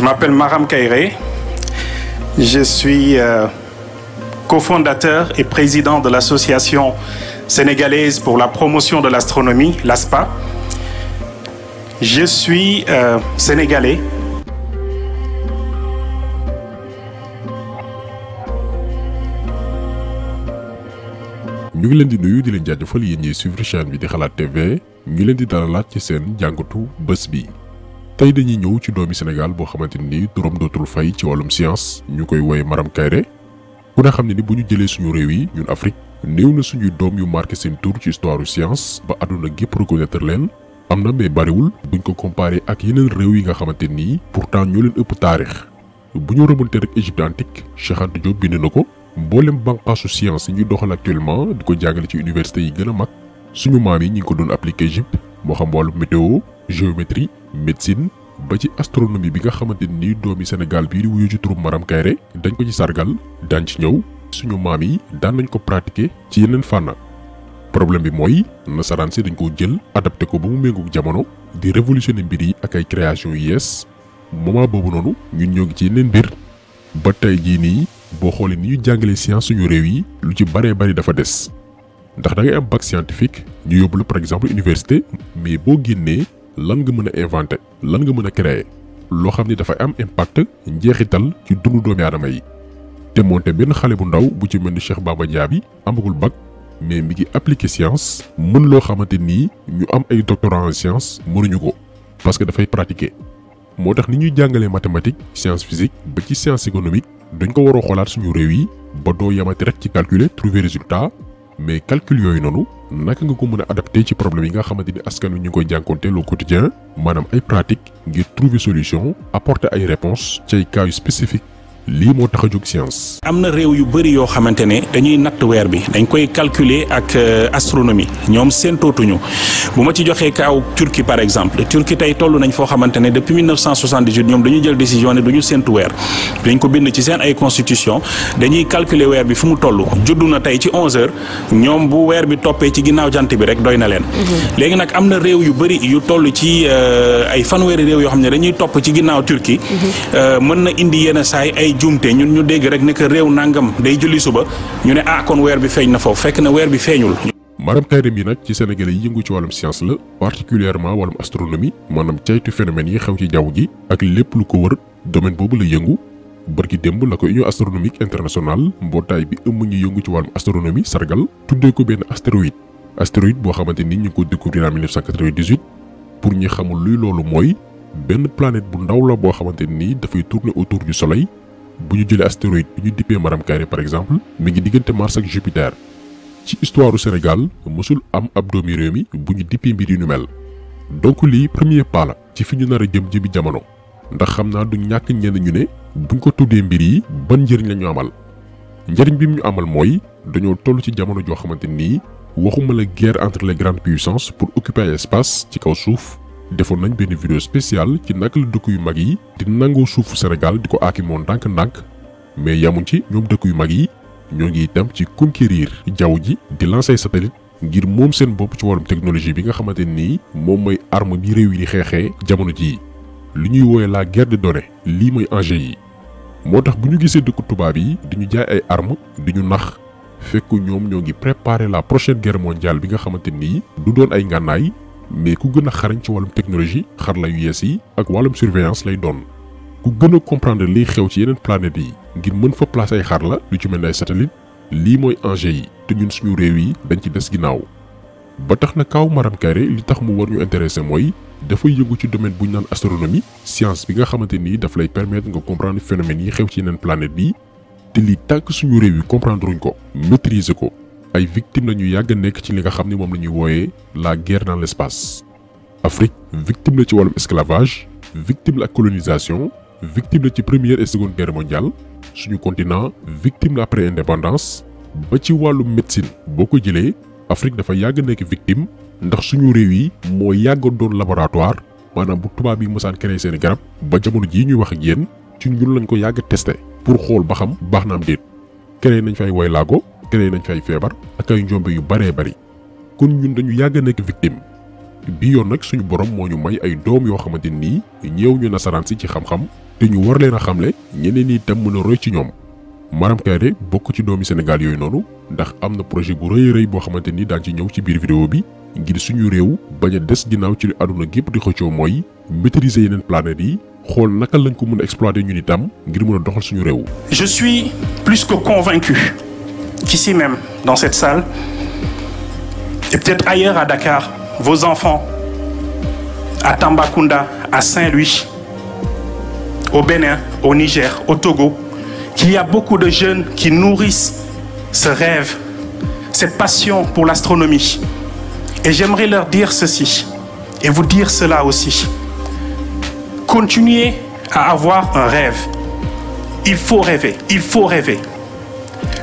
Je m'appelle Maram Kairé. Je suis euh, cofondateur et président de l'association sénégalaise pour la promotion de l'astronomie, l'ASPA. Je suis euh, sénégalais. ñu ngi leen di nuyu di leen jaajëfal yéen ñiy suivre chaîne bi di Xalaat TV ñu leen di dalalaat ci seen jàngatu bés bi. tey dañuy ñëw ci doomi Sénégal boo xamante ni turam dootul fay ci wàllum science ñu koy woowee Maram Kairé ku na xam ne ni bu ñu jëlee suñu réew yi ñun Afrique néew na suñuy doom yu marqué seen tur ci histoire science ba àdduna gépp reconnaître leen am na mais bariwul ñu ko comparé ak yeneen réew yi nga xamante ni pourtant ñoo leen ëpp taarix bu ñu remonté rek Égypte antique Cheikh Anta bind na ko mboolem bànqaasu science yi ñuy doxal actuellement di ko jàngale ci université yi gën a mag suñu maam yi ñi ko doon appliqué Égypte moo xam wàllu météo géométrie médecine ba ci astronomie bi nga xamante ni doomi Sénégal bii di wuyu ci turu Maram Kairé dañ ko ci sargal daan ci ñëw suñu maam yi daan nañ ko pratiquer ci yeneen fànna problème bi mooy nasaraan si dañ koo jël adapté ko ba mu méngoog jamono di révolutionner mbir yi ak ay création yu yees moment boobu noonu ñu ñoo ngi ci yeneen mbir ba tey jii nii boo xoolee ni ñu jàngalee science suñu réew yi lu ci baree bari dafa des ndax da ngay am bac scientifique ñu exemple université mais boo génnee lan nga mën a inventé lan nga mën a créé loo xam ni dafay am impact njeexital ci dundu doomi aadama yi te moonte benn xale bu ndaw bu ci mel ni Cheikh Bamba Diaby amagul bag mais mi ngi appliqué science mën loo xamante nii ñu am ay doctorat mënuñu ko parce que dafay pratiquer moo tax ni ñuy jàngalee mathématique science physique ba ci science économique dañ ko war a xoolaat suñu réew yi ba doo yamati rek ci calculer trouver résultat mais calcul yooyu noonu naka nga ko mën a adapté ci problème yi nga xamante ni askan wi ñu ngi koy jànkoonteelu au quotidien maanaam ay pratique ngir trouver solution apporter ay réponses ci ay cas lii moo tax a jóg science. am na réew yu bëri yoo xamante ne dañuy natt weer bi dañ koy calculer ak euh, astronomie ñoom séentootuñu bu ma ci joxee kaaw Turquie par exemple Turquie tey toll nañ foo xamante ne depuis 1978 ñoom dañu jël décision ne du ñu séentu weer dañ ko bind ci seen ay constitution dañuy calculer weer bi fi mu toll juddu na tey ci 11 heures ñoom bu weer bi toppee ci ginnaaw jant bi rek doy na leen. Mhm. léegi nag am na réew yu bëri yu toll ci euh, ay fanweeri réew yoo xam ne dañuy topp ci ginnaaw Turquie. Mhm. Euh, mën na ay njuumte ñun ñu dégg rek ne que réew nangam day julli suba ñu ne ah kon weer bi feeñ na foofu fekk na weer bi feeñul. Madame Kairé bi nag ci sénégalais yëngu ci wàllum science la particulièrement wàllum astronomie maanaam caytu phénomène yi xew ci jaww ji ak lépp lu ko wër domaine boobu la yëngu bërki démb la ko union astronomique internationale mbootaay bi ëmm ñu yëngu ci wàllum astronomie sargal tuddee ko benn astéroïde astéroïde boo xamante ni ñu ngi ko découvrir en 1998 pour ñi xamul luy loolu mooy benn planète bu ndaw la boo xamante ni dafay tourner autour du soleil bu ñu jëlee astéroïde bi ñu dippee Maram Kairé par exemple mi ngi diggante Mars ak Jupiter ci histoire Sénégal mësul am ab doomi réew mi bu ñu dippee mbir yu nu mel donc lii premier pas ci fi ñu nar a jëm jëmi jamono ndax xam naa du ñàkk ñenn ñu ne buñ ko tuddee mbir yi ban njëriñ la ñu amal njëriñ bi mu ñu amal mooy dañoo toll ci jamono joo xamante nii waxuma la guerre entre les grandes puissances pour occuper espace ci kaw suuf defoon nañ benn vidéo spéciale ci naka la dëkk yu mag yi di nangoo suufu Sénégal di ko aakimoo ndànk-ndànk mais yamuñ ci ñoom dëkk yu mag yi ñoo ngi itam ci conquérir jaww ji di lancer satellite ngir moom seen bopp ci wàllum technologie bi nga xamante nii moom mooy arme bi réew yi di xeexee jamono jii li ñuy wooye la gerte de lii mooy enjeu yi moo tax bu ñu gisee dëkku tubaab yi di ñu jaay ay arme di ñu nax fekk ñoom ñoo ngi préparer la prochaine guerre mondiale bi nga xamante nii du doon ay ngànnaay mais ku gën a xarañ ci wàllum technologie xarala yu yees yi ak wàllum surveillance lay doon ku gën a liy xew ci yeneen planètes yi ngir mën fa placer ay la lu ci mel ne ay satellite lii mooy enjeu yi te ñun suñu réew yi dañ ci des ginnaaw ba tax na kaaw Maram Kairé li tax mu war ñu intéressé mooy dafay yëngu ci domaine bu ñu naan astronomie science bi nga xamante ni daf lay permettre nga comprendre phénomènes yi xew ci yeneen planète bi te lii tàkk suñu réew yi comprendre uñ ko maîtriser ko ay victime la ñu yàgg nekk ci li nga xam ni moom la ñuy wooyee la guerre dans l'espace Afrique victime la ci wàllum esclavage victime la colonisation victime la ci première et seconde guerre mondiale suñu continent victime la après indépendance ba ci wàllu médecine boo ko jëlee Afrique dafa yàgg nekk victime ndax suñu réew yi moo yàggoon doon laboratoire maanaam bu tubaab bi mosaan créé seen garab ba jamono jii ñuy wax ak yéen ci ñun lañ ko yàgg testé pour xool ba xam baax na am déet créé nañ fay lago. créé nañ fi ay feebar ak ay yu baree bari kon ñun dañu yàgg nekk victime bi yoon nag suñu borom moo ñu may ay doom yoo xamante nii ñëw ñu nasaraan si ci xam-xam te ñu war leen a xamle ñeneen ñi itam mën a roy ci ñoom Maram Kairé bokk ci doomi Sénégal yooyu noonu ndax am na projet bu rëy rëy boo xamante ni daan ci ñëw ci biir vidéo bi ngir suñu réew bañ a des ginnaaw ci li àdduna gépp di xëccoo mooy maîtriser yeneen planètes yi xool naka lañ ko mën a exploiter ñun itam ngir mën a doxal suñu réew. Je Ici même, dans cette salle, et peut-être ailleurs à Dakar, vos enfants, à Tambacounda, à Saint-Louis, au Bénin, au Niger, au Togo, qu'il y a beaucoup de jeunes qui nourrissent ce rêve, cette passion pour l'astronomie. Et j'aimerais leur dire ceci, et vous dire cela aussi. Continuez à avoir un rêve. Il faut rêver, il faut rêver.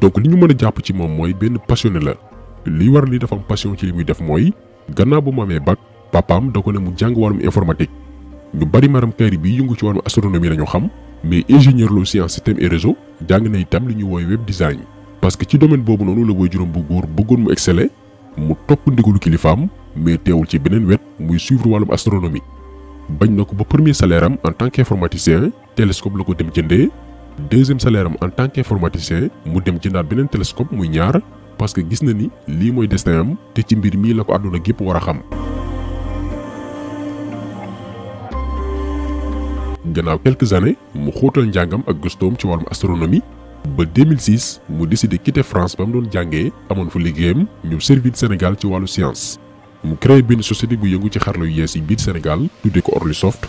donc li ñu mën a jàpp ci moom mooy benn passionné la li war li dafa am ci li muy def mooy gannaaw bu mu amee bac papaam da ko ne mu jàng wàllum informatique ñu bari Maram Kairé bi yëngu ci wàllum astronomie la ñu xam mais ingénieur la aussi en système et réseau jàng na itam li ñu woowee web design. parce que ci domaine boobu noonu la woy juróom bu góor bëggoon mu exceller mu topp ndigalu kilifaam mais teewul ci beneen wet muy suivre wàllum astronomie bañ na ko ba premier salaire am en tant qu'informaticien télescope la ko dem jëndee. deuxième salaire am en tant qu'informaticien mu dem jëndaat beneen télescope muy ñaar parce que gis na ni lii mooy destin am te ci mbir mii la ko àdduna gépp war a xam. gannaaw quelques années mu xóotal njàngam ak gëstoom ci wàllum astronomie ba 2006 mu décidé quitter France ba mu doon jàngee amoon fa liggéeyam ñu servir Sénégal ci wàllu science. mu créé benn société bu yëngu ci xarala yu yees yi biir Sénégal tuddee ko Orly Soft.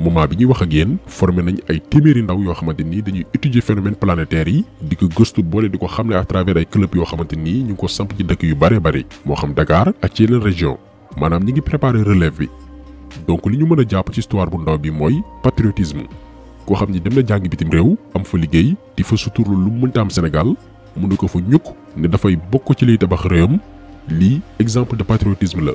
moment bi ñuy wax ak yéen formé nañ ay téeméeri ndaw yoo xamante ni dañuy étudier phénomène planétaire yi di ko gëstu boole di ko xamle à travers ay club yoo xamante ni ñu ngi ko samp ci dëkk yu bare bari moo xam Dakar ak ci yeneen région maanaam ñi ngi préparer relève bi donc li ñu mën a jàpp ci histoire bu ndaw bi mooy patriotisme koo xam ni dem na jàngi bitim réew am fa liggéey di fa sutur lu mënta am Sénégal mu ne ko fa ñukk ne dafay bokk ci liy tabax réewam lii exemple de patriotisme la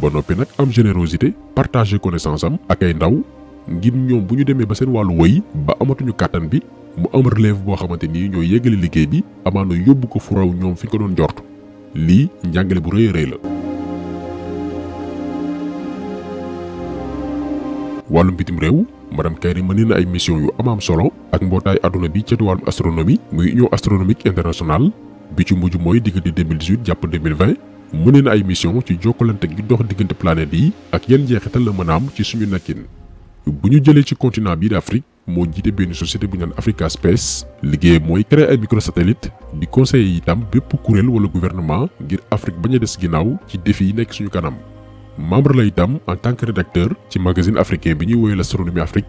ba noppi nag am générosité partager connaissance am ak ay ndaw ngir ñoom bu ñu demee ba seen wàllu woy ba amatuñu kàttan bi mu am relève boo xamante ni ñooy yëgale liggéey bi amaana yóbbu ko furaw ñoom fi ko doon njort lii njàngale bu rëy rëy la wàllum bitim réew madam kayri mën na ay mission yu amaam solo ak mbootaay aduna bi ceeti wàllum astronomie muy union astronomique international bi ci mujj mooy diggante 2018 jàpp 2020 mën na ay mission ci jokkalante gi dox diggante planète yi ak yan jeexital la mën a am ci suñu nekkin bu ñu jëlee ci continent bii d'Afrique moo jiite benn société bu ñu naan Africa Space liggéey mooy créer ay microsatellite di conseiller itam bépp kuréel wala gouvernement ngir Afrique bañ a des ginnaaw ci défi yi nekk suñu kanam. membre la itam en tant que rédacteur ci magazine africain bi ñuy la l'Astronomie Afrique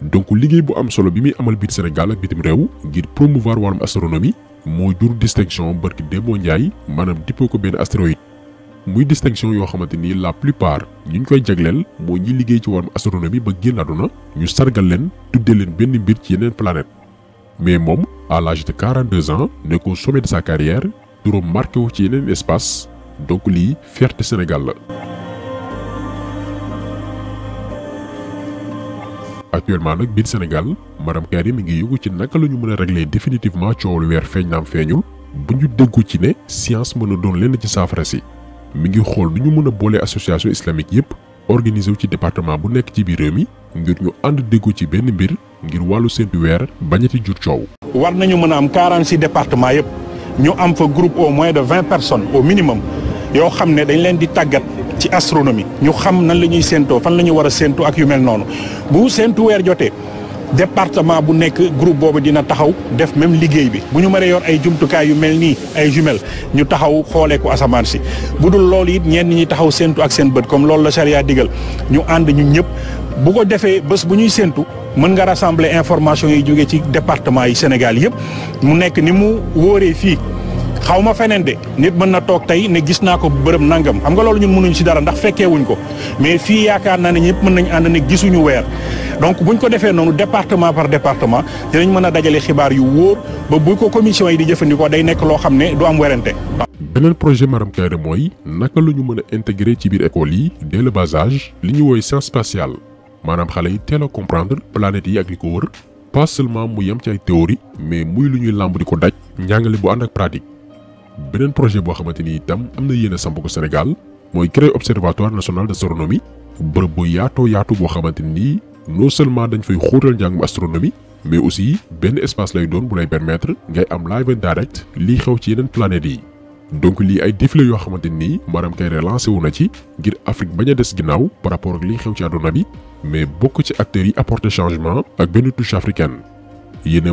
donc liggéey bu am solo bi muy amal biir Sénégal ak bitim réew ngir promouvoir wàllum astronomie moo jur distinction barki Demba Ndiaye maanaam dippoo ko benn astéroïde. muy distinction yoo xamante ni la plupart ñu koy jagleel moo ñi liggéey ci wàllum astronomie ba génn àdduna ñu sargal leen tuddee leen benn mbir ci yeneen planète mais moom à l'âge de 42 ans nekk au sommet de sa carrière turam marqué wu ci yeneen espace donc lii fierté Sénégal la. nag biir Sénégal madame Kari mi ngi yëngu ci naka la ñu mën a régler définitivement coow lu weer feeñ naam feeñul bu ñu déggu ci ne science mën a lenn ci saafara si. mi ngi xool du ñu mën a boole association islamique yépp organisé wu ci département bu nekk ci biir réew mi ngir ñu ànd déggoo ci benn mbir ngir wàllu seentu weer bañati jur coow. war nañu mën a am 46 département yépp ñu am fa groupe au moins de 20 personnes au minimum yoo xam ne dañ leen di tàggat ci astronomie. ñu xam nan la ñuy séentoo fan la ñu war a séentu ak yu mel noonu bu séentu weer jotee. département bu nekk groupe boobu dina taxaw def même liggéey bi bu ñu mënee yor ay jumtukaay yu mel nii ay jumelles ñu taxaw xoolee ko asamaan si bu dul loolu it ñenn ñi taxaw séentu ak seen bët comme loolu la charia digal ñu ànd ñu ñëpp bu ko defee bés bu ñuy séentu mën nga rassembler information yi jóge ci département yi Sénégal yëpp mu nekk ni mu wóoree fii. xaw ma feneen de nit mën na toog tey ne gis naa ko bërëb nangam xam nga loolu ñun mënuñ ci dara ndax fekkeewuñ ko mais fii yaakaar naa ne ñëpp mën nañ ànd ne gisuñu weer donc buñ ko defee noonu département par département dinañ mën a dajale xibaar yu wóor ba bu ko commission yi di jëfandikoo day nekk loo xam ne du am werante beneen projet Maram Kairé mooy naka lu ñu mën a intégrer ci biir école yi dès le li ñu wooy science spatiale maanaam xale yi teel comprendre planètes yi ak li ko wër pas mu yem ci ay théorie mais muy lu ñuy làmb di ko daj njàngale bu ànd ak beneen projet boo xamante ni itam am na yéen a samp ko Sénégal mooy créer observatoire national d'astronomie bërëb bu yaatoo yaatu boo xamante ni non seulement dañ fay xóotal njàngum astronomie mais aussi benn espace lay doon bu lay permettre ngay am live and direct lii xew ci yeneen planètes yi. donc lii ay défilé yoo xamante ni maanaam kay relancé wu na ci ngir Afrique bañ a des ginnaaw par rapport ak lii xew ci àdduna bi mais bokk ci acteurs yi apporter changement ak benn touche africaine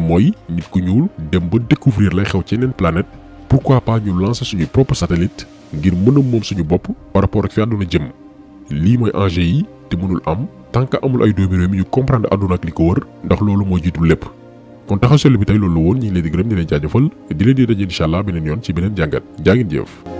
mooy nit ku ñuul dem ba découvrir lay xew ci yeneen planète pourquoi pas ñu lancer suñu propre satellite ngir mëna mom suñu bop par rapport ak fi aduna jëm li moy enjeu yi te mënul am tant que amul ay domaine yu comprendre aduna ak liko wër ndax lolu moy jitu lepp kon taxaw sel bi tay lolu won ñi lay di gërëm di lay jajeufal di lay di dajé inshallah benen yoon ci benen jangat jangin jëf